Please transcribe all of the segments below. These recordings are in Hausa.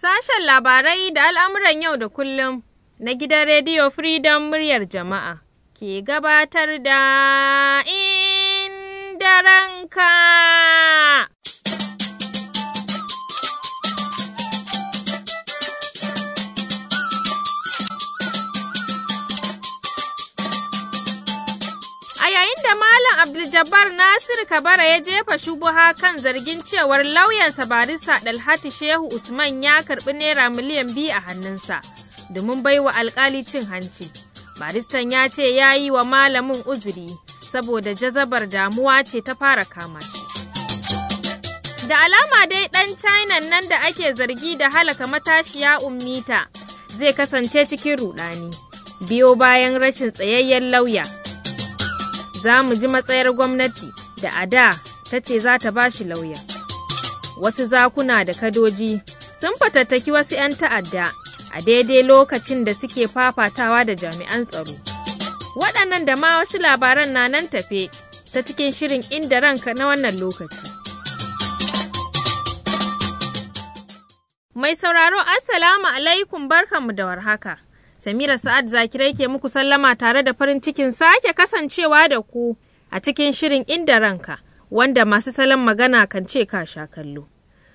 Sashen labarai da al'amuran yau da kullum na gidan Radio Freedom muryar jama'a ke gabatar da inda ranka. Abdul-Jabbar Nasir Kabara ya jefa shubuha kan zargin cewar lauyansa barista Dalhati Shehu Usman ya karbi naira miliyan biyu a hannunsa domin baiwa alkali cin hanci. Baristan ya ce ya yi wa malamin uzuri saboda jazabar damuwa ce ta fara kama shi. Da alama dai ɗan China nan da ake zargi da halaka matashiya ummita zai kasance cikin rudani biyo bayan rashin tsayayyen lauya. za mu ji matsayar gwamnati da a da ta ce za ta bashi lauya. Wasu zakuna da kadoji sun fatattaki wasu 'yan ta'adda a daidai lokacin da suke fafatawa da jami'an tsaro. Waɗannan da ma wasu labaran na nan tafe ta cikin shirin inda ranka na wannan lokaci. Mai sauraro Assalamu alaikum barkanmu da warhaka. Samira Sa'ad Zakirai ke muku sallama tare da farin cikin sake kasancewa da ku a cikin shirin inda ranka wanda masu salon magana kan ce ka sha kallo.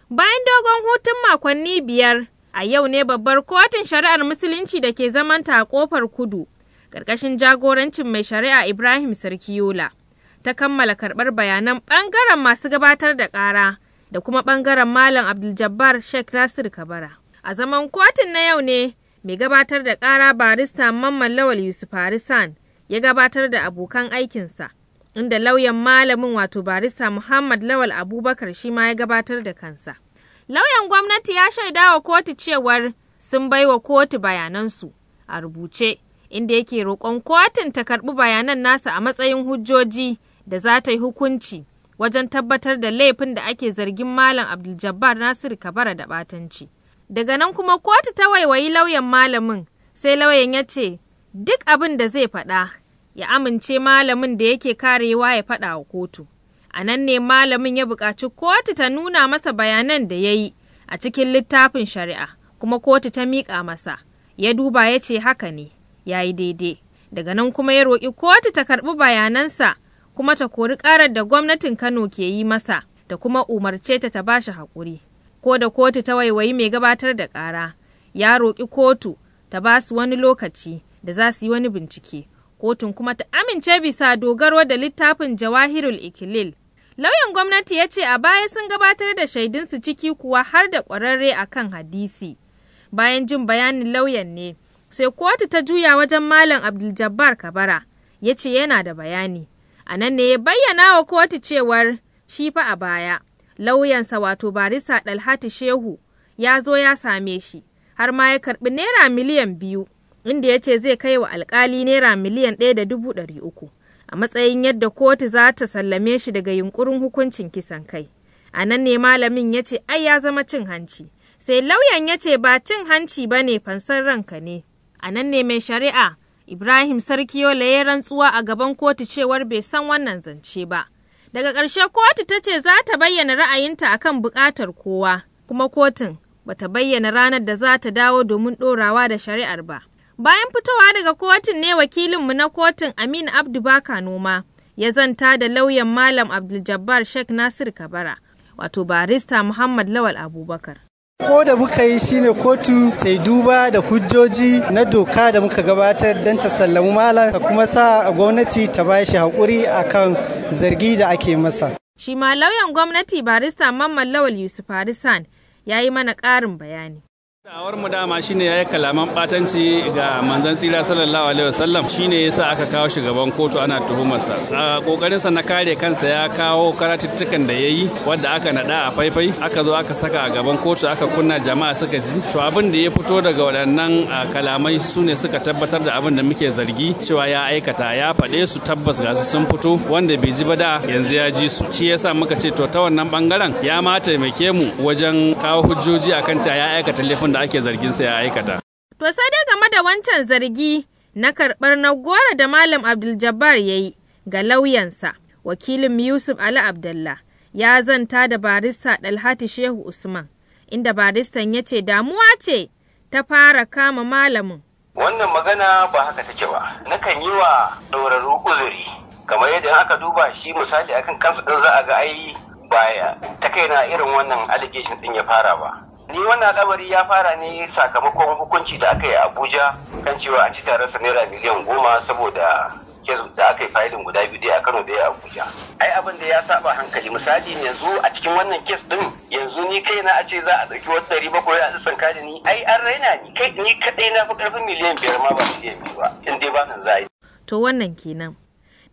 Bayan dogon hutun makonni biyar a yau ne babbar kotun shari'ar musulunci da ke zamanta a kofar kudu ƙarƙashin jagorancin mai shari'a Ibrahim Sarkiyola ta kammala karɓar bayanan ɓangaren masu gabatar da ƙara da kuma ɓangaren Malam Abdul Jabbar Sheikh Nasir Kabara. A zaman kotun na yau ne mai gabatar da ƙara barista Mamman Lawal Yusuf Harisan ya gabatar da abokan aikinsa, inda lauyan malamin wato barista Muhammad Lawal Abubakar shi ma ya gabatar da kansa. Lauyan gwamnati ya shaida wa kotu cewar sun bai wa kotu bayanansu a rubuce, inda yake roƙon kotun ta karɓi bayanan nasa a matsayin hujjoji da za ta yi hukunci wajen tabbatar da laifin da ake zargin Malam Abdul Jabbar Nasiru Kabara da ɓatanci. Daga nan kuma kotu ta waiwayi lauyan malamin, sai lauyan ya ce, duk abin da zai faɗa, ya amince malamin da yake karewa ya faɗa wa kotu. A nan ne malamin ya buƙaci kotu ta nuna masa bayanan da ya yi a cikin littafin shari'a, kuma kotu ta miƙa masa. Ya duba ya ce haka ne, ya yi daidai. Daga nan kuma ya roƙi kotu ta karɓi bayanansa kuma ta kori ƙarar da gwamnatin Kano ke yi masa, da kuma umarce ta ta ba haƙuri. ko da kotu ta waiwayi mai gabatar da ƙara ya roƙi kotu ta ba su wani lokaci da za su yi wani bincike kotun kuma ta amince bisa dogaro da littafin jawahirul ikilil lauyan gwamnati ya ce a baya sun gabatar da shaidunsu ciki kuwa har da ƙwararre a kan hadisi bayan jin bayanin lauyan ne sai kotu ta juya wajen malam abdul kabara ya ce yana da bayani a nan ne ya bayyana wa kotu cewar shi fa a baya lauyansa wato barisa dalhati shehu ya zo ya same shi har ma ya karbi naira miliyan biyu inda ya ce zai kai wa alkali naira miliyan ɗaya da dubu ɗari uku a matsayin yadda kotu za ta sallame shi daga yunkurin hukuncin kisan kai a nan ne malamin ya ce ai ya zama cin hanci sai lauyan ya ce ba cin hanci ba ne fansar ranka ne a nan ne mai shari'a ibrahim sarkiyo ya rantsuwa a gaban kotu cewar bai san wannan zance ba Daga ƙarshe kotu ta ce za ta bayyana ra'ayinta akan buƙatar kowa, kuma kotun bata bayyana ranar da za ta dawo domin ɗorawa da shari'ar ba. Bayan fitowa daga kotun ne wakilinmu na kotun Amin abdubaka Noma ya zanta da lauyan Malam Abdul Jabbar Sheikh Nasir Kabara, wato barista Muhammad Lawal Abubakar. Ko da muka yi shine kotu ta yi duba da hujjoji na doka da muka gabatar don ta sallamu malam ta kuma sa gwamnati ta ba shi haƙuri akan zargi da ake masa. Shi ma lauyan gwamnati barista Mamman Lawal Yusuf Harisan ya yi mana ƙarin bayani. da'awar mu dama shine yayi kalaman batanci ga manzon tsira sallallahu alaihi wasallam shine yasa aka kawo shugaban kotu ana tuhumarsa a kokarin sa na kare kansa ya kawo karatuttukan da yayi wanda aka nada a faifai aka zo aka saka a gaban kotu aka kunna jama'a suka ji to abin da ya fito daga waɗannan kalamai sune suka tabbatar da abin da muke zargi cewa ya aikata ya faɗe su tabbas ga su sun fito wanda bai ji ba da yanzu ya ji su shi yasa muka ce to ta wannan bangaren ya ma taimake mu wajen kawo hujjoji akan cewa ya aikata laifin da ake zargin sa ya aikata. To sai dai game da wancan zargi na karɓar na gora da Malam Abdul Jabbar ya yi ga lauyansa, wakilin Yusuf Ali Abdullah ya zanta da barista Dalhati Shehu Usman, inda baristan ya ce damuwa ce ta fara kama malamin. Wannan magana ba haka take ba, nakan yi wa ɗorarru uzuri, kamar yadda aka duba shi misali akan kansa ɗin za a ga ai baya ta kaina irin wannan allegation ɗin ya fara ba. ni wannan al'amari ya fara ne sakamakon hukunci da aka yi a abuja kan cewa an ci tare naira miliyan goma saboda da aka yi fayilin guda biyu a kano da ya abuja ai abin da ya saba hankali misali yanzu a cikin wannan kes din yanzu ni kai na a ce za a ɗauki wasu ɗari bakwai a tsan kaji ni ai an raina ni kai ni kaɗai na fi ƙarfin miliyan biyar ma ba miliyan biyu ba in dai ba nan za yi. to wannan kenan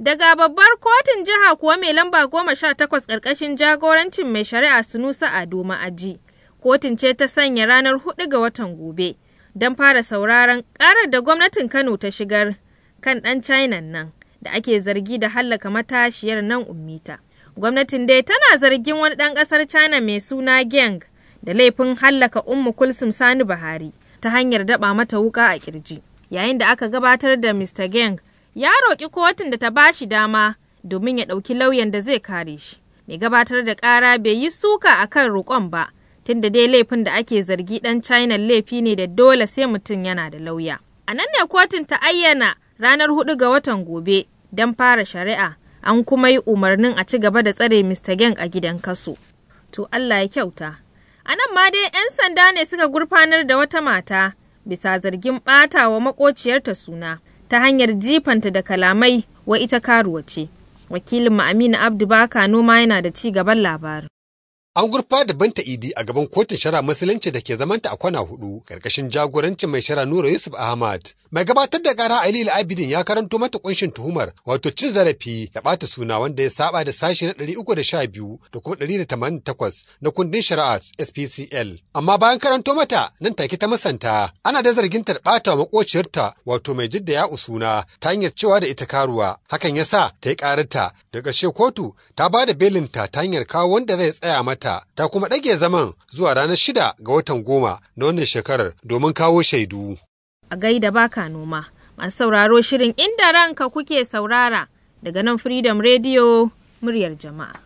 Daga babbar kotun jiha kuwa mai lamba goma sha takwas ƙarƙashin jagorancin mai shari'a Sunusa Ado Ma'aji. kotun ce ta sanya ranar hudu ga watan gobe don fara sauraron karar da gwamnatin kano ta shigar kan ɗan china nan da ake zargi da hallaka matashiyar nan ummita gwamnatin dai tana zargin wani ɗan ƙasar china mai suna geng da laifin hallaka ummu kulsum sani buhari ta hanyar daɓa mata wuƙa a kirji yayin da aka gabatar da mr geng ya roƙi kotun da ta ba shi dama domin ya ɗauki lauyan da zai kare shi mai gabatar da ƙara bai yi suka akan roƙon ba da dai laifin da ake zargi dan China laifi ne da dole sai mutum yana da lauya. A nan ne kotun ta ayyana ranar hudu ga watan gobe don fara shari'a an kuma yi umarnin a ci gaba da tsare Mr. Geng a gidan kaso. To Allah ya kyauta. A nan ma dai 'yan sanda ne suka gurfanar da wata mata bisa zargin ɓata wa makociyarta suna ta hanyar jifanta da kalamai wa ita karuwa ce. Wakilin Aminu Abdu Baka noma yana da ci gaban labarin. An gurfa da banta idi a gaban kotun shara musulunci da ke zamanta a kwana hudu karkashin jagorancin mai shara Nura Yusuf Ahmad. Mai gabatar da kara Aliyu Abidin ya karanto mata kunshin tuhumar wato cin zarafi da bata suna wanda ya saba da sashi na 312 da kuma 188 na kundin shari'a SPCL. Amma bayan karanto mata nan take ta musanta ana da zargin ta bata makociyarta wato mai jidda ya usuna ta hanyar cewa da ita karuwa. Hakan ya sa ta yi kararta da ƙarshe kotu ta ba da belinta ta hanyar kawo wanda zai tsaya mata ta ta kuma ɗage zaman zuwa ranar shida ga watan goma na wannan shekarar domin kawo shaidu. A gaida baka noma, masu sauraro shirin inda ranka kuke saurara daga nan Freedom Radio muryar jama'a.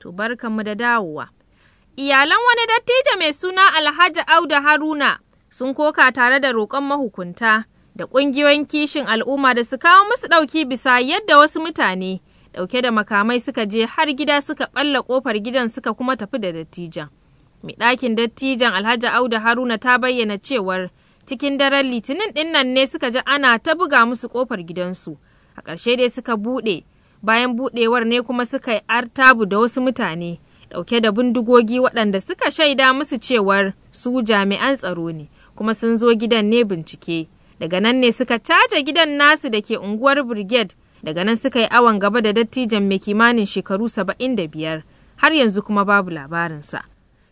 To barkanmu da dawowa. Iyalan wani dattijo mai suna Alhaji Audu Haruna sun koka tare da roƙon mahukunta da ƙungiyoyin kishin al'umma da su kawo musu ɗauki bisa yadda wasu mutane ɗauke da makamai suka je har gida suka ɓalla ƙofar gidan suka kuma tafi da dattijan. Mai ɗakin dattijan Alhaji Audu Haruna ta bayyana cewar cikin daren litinin ɗin ne suka ji ana ta buga musu ƙofar gidansu. A ƙarshe dai suka buɗe bayan buɗewar ne kuma suka yi artabu da wasu mutane. dauke da bindigogi waɗanda suka shaida musu cewar su jami'an tsaro ne kuma sun zo gidan ne bincike daga nan ne suka caje gidan nasu da ke unguwar brigade daga nan suka yi awon gaba da dattijan mai kimanin shekaru saba'in da biyar har yanzu kuma babu labarinsa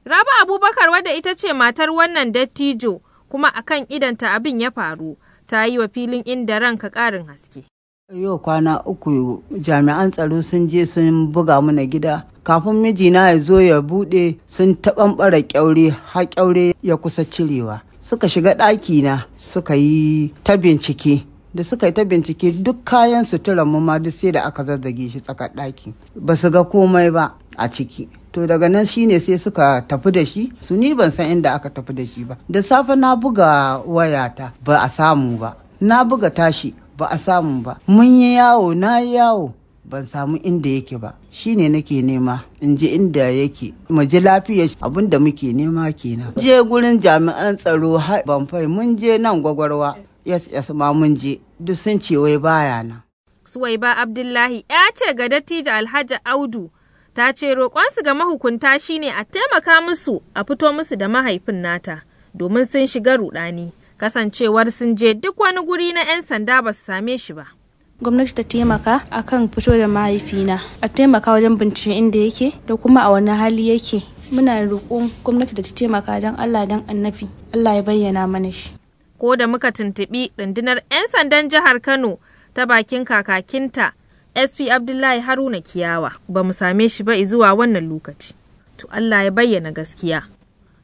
raba abubakar wadda ita ce matar wannan dattijo kuma akan idanta abin ya faru ta yi wa filin inda ranka ƙarin haske Yau kwana uku jami'an tsaro sun je sun buga mana gida. Kafin mijina ya zo ya buɗe sun taɓanɓara kyaure ha kyaure ya kusa cirewa. Suka shiga ɗakina suka yi ta bincike. Da suka yi ta bincike duk kayan suturar mu ma duk sai da aka zazzage shi tsakar ɗaki. Ba su ga komai ba a ciki. to daga nan shine sai suka tafi da shi su ni ban san inda aka tafi da shi ba da safe na buga wayata ba a samu ba na buga tashi ba a samu ba mun yi yawo na yawo ban samu inda yake ba shine nake nema in je inda yake mu ji lafiyar abin da muke nema kenan je gurin jami'an tsaro ban fai mun je nan gwagwarwa yes yes ma mun je duk sun ce wai baya nan suwaiba abdullahi ya ce ga dattijo alhaji audu ta ce roƙonsu ga mahukunta shine a taimaka musu a fito musu da mahaifin nata domin sun shiga ruɗani kasancewar sun je duk wani guri na 'yan sanda ba su same shi ba. gwamnati ta taimaka akan fito da mahaifina a taimaka wajen bincike inda yake da kuma a wani hali yake muna roƙon gwamnati da ta taimaka don allah don annabi allah ya bayyana mana shi ko da muka tuntuɓi rundunar 'yan sandan jihar kano ta bakin kakakinta sp abdullahi haruna kiyawa ba mu same shi ba izuwa wannan lokaci to allah ya bayyana gaskiya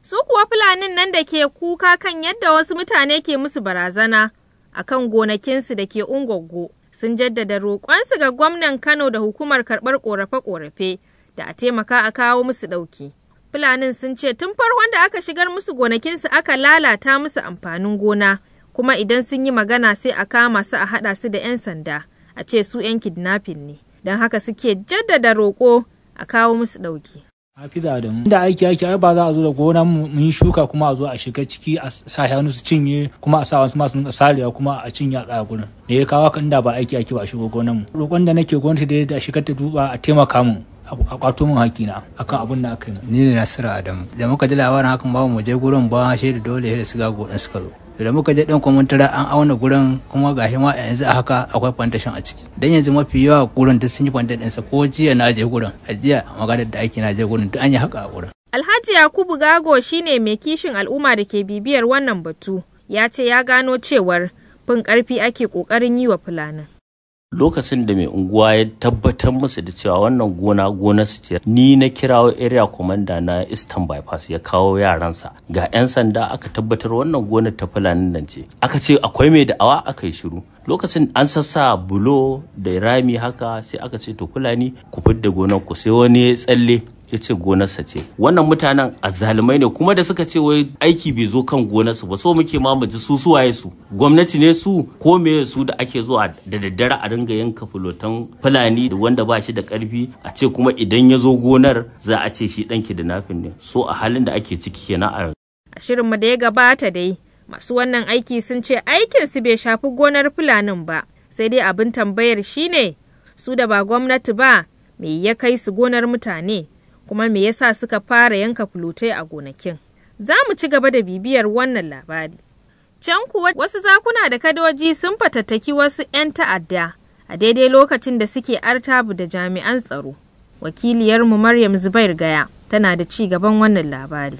Su kuwa Fulanin nan da ke kuka kan yadda wasu mutane ke musu barazana a kan gonakinsu da ke Ungwaggo sun jaddada roƙonsu ga gwamnan Kano da hukumar karɓar ƙorafe-ƙorafe da a taimaka a kawo musu ɗauki. Fulanin sun ce tun farkon da aka shigar musu gonakinsu aka lalata musu amfanin gona kuma idan sun yi magana sai a kama su a haɗa su da 'yan sanda a ce su 'yan kidnapping ne don haka suke jaddada roƙo a kawo musu ɗauki. Hafiza Adamu. Da aiki aiki ai ba za a zo da gonan mu yi shuka kuma a zo a shiga ciki a sa shanu su cinye kuma a sa wasu masu nuna, saliya kuma a cinye a tsaya gurin. Me ya kawo kan da ba aiki aiki ba a shigo gonan mu. Roƙon da nake gwamnati da da shigar ta duba a taimaka mu. a kwato min hakina akan abin da aka yi. Ni ne Nasiru Adamu. Da muka ji labarin hakan ba mu je gurin ba da dole da su ga suka zo. to da muka je ɗin kuma an auna gurin kuma ga a yanzu a haka akwai plantation a ciki dan yanzu mafi yawa gurin duk sun yi fanta ɗinsa ko jiya na je gurin a jiya magana da ake na je gurin duk an yi haka a gurin. Alhaji Yakubu Gago shine mai kishin al'umma da ke bibiyar wannan batu ya ce ya gano cewar fin ƙarfi ake ƙoƙarin yi wa fulanin. lokacin da mai unguwa ya tabbatar musu da cewa wannan gona gona su ce ni na kirawo area commander na eastern bypass ya kawo yaransa ga 'yan sanda aka tabbatar wannan gonar ta fulani nan ce aka ce akwai mai da awa aka yi shiru lokacin an sassa bulo da rami haka sai aka ce to fulani ku fidda gonar ku sai wani ya tsalle ya ce gonarsa ce wannan mutanen azzalumai ne kuma da suka ce wai aiki bai zo kan gonarsu ba so muke ma mu ji su suwaye su gwamnati ne su ko me su da ake zuwa da daddare a dinga yanka fulotan fulani wanda ba shi da karfi a ce kuma idan ya zo gonar za a ce shi dan nafin ne so a halin da ake ciki kenan a a mu da ya gabata dai masu wannan aiki sun ce aikin su bai shafi gonar fulanin ba sai dai abin tambayar shine su da ba gwamnati ba me ya kai su gonar mutane kuma me yasa suka fara yanka fulutai a gonakin. Za mu ci gaba da bibiyar wannan labari. Can kuwa wasu zakuna da kadoji sun fatattaki wasu 'yan ta'adda a daidai lokacin da suke artabu da jami'an tsaro. Wakiliyarmu Maryam Zubair Gaya tana da ci gaban wannan labari.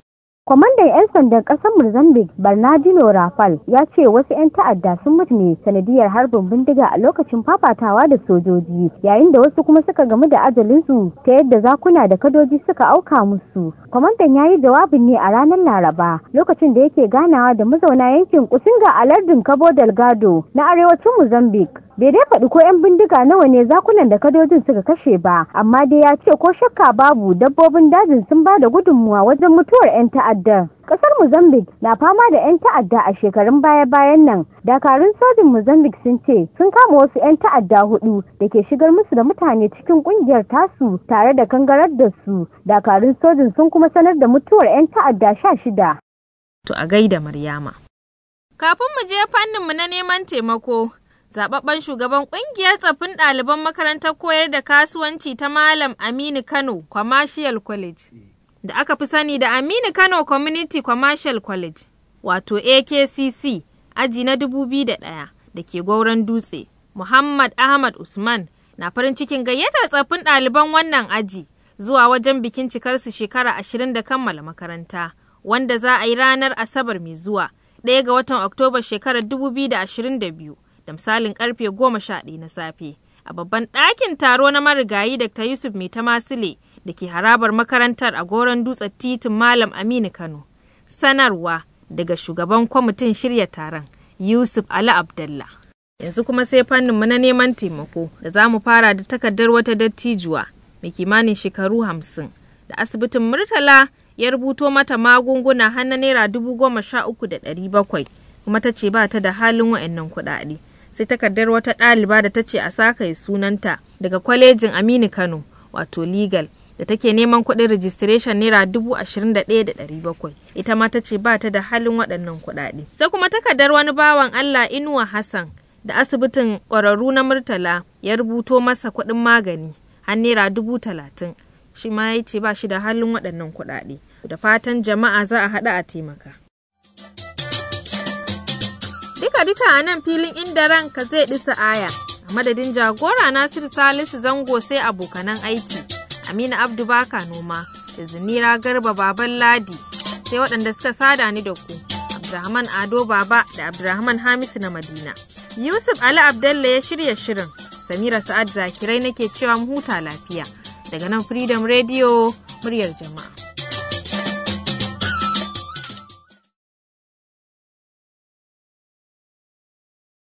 Kwamandan 'yan sandan ƙasar Mozambique Bernardino Rafal ya ce wasu 'yan ta'adda sun mutu ne sanadiyar harbin bindiga a lokacin fafatawa da sojoji yayin da wasu kuma suka gamu da ajalinsu ta yadda zakuna da kadoji suka auka musu. Kwamandan ya yi jawabin ne a ranar Laraba lokacin da yake ganawa da mazauna yankin Kusinga a lardin Cabo Delgado na arewacin Mozambique. bai dai faɗi ko 'yan bindiga nawa ne zakunan da kadojin suka kashe ba amma dai ya ce ko shakka babu dabbobin dajin sun ba da gudunmuwa wajen mutuwar 'yan ta'adda Ƙasar mozambique na fama da 'yan ta'adda a shekarun baya-bayan nan dakarun sojin mozambique sun ce sun kama wasu 'yan ta'adda hudu da ke shigar musu da mutane cikin kungiyar tasu tare da kangarar da su dakarun sojin sun kuma sanar da mutuwar 'yan ta'adda sha shida to a gaida maryama kafin mu je fannin mu na neman taimako zababben shugaban kungiyar tsaffin ɗaliban makarantar koyar da kasuwanci ta malam aminu kano commercial college da aka fi sani da aminu kano community commercial college wato akcc aji na 2001 da ke gauran dutse muhammad ahmad usman na farin cikin gayyatar tsaffin ɗaliban wannan aji zuwa wajen bikin cikarsu shekara ashirin da kammala makaranta wanda za a yi ranar asabar mai zuwa ɗaya ga watan oktoba shekarar 2022 da misalin karfe 11 na safe a babban ɗakin taro na marigayi Dr. Yusuf Mai masile da ke harabar makarantar a goron dutsen titin Malam Aminu Kano. Sanarwa daga shugaban kwamitin shirya taron Yusuf Ali abdallah. yanzu kuma sai fannin mu na neman taimako da za mu fara da takardar wata dattijuwa mai kimanin shekaru hamsin da asibitin murtala ya rubuto mata magunguna har naira dubu goma sha uku da ɗari bakwai kuma ta ce ba ta da halin wa'annan kuɗaɗe sai takardar wata ɗaliba da ta ce a saka sunanta daga kwalejin aminu kano wato legal da take neman kuɗin registration naira dubu ashirin da ɗaya da ɗari bakwai ita ma ta ce ba ta da halin waɗannan kuɗaɗe sai kuma takardar wani bawan allah inuwa hassan da asibitin ƙwararru na murtala ya rubuto masa kuɗin magani har naira dubu talatin shi ma ya ce ba shi da halin waɗannan kuɗaɗe da fatan jama'a za a haɗa a taimaka. Duka-duka a nan filin inda ranka zai ɗisa aya, a madadin jagora Nasiru Salisu zango sai abokanan aiki, Amina Abdu Baka noma, da zumira Garba Baban Ladi, sai waɗanda suka sada ni da ku, Abdurrahman Ado Baba da Abdurrahman Hamisu na Madina. Yusuf Ali Abdalla ya shirya shirin, Samira Sa'ad Zakirai nake cewa mu huta lafiya. Daga nan Freedom Radio, muryar jama'a.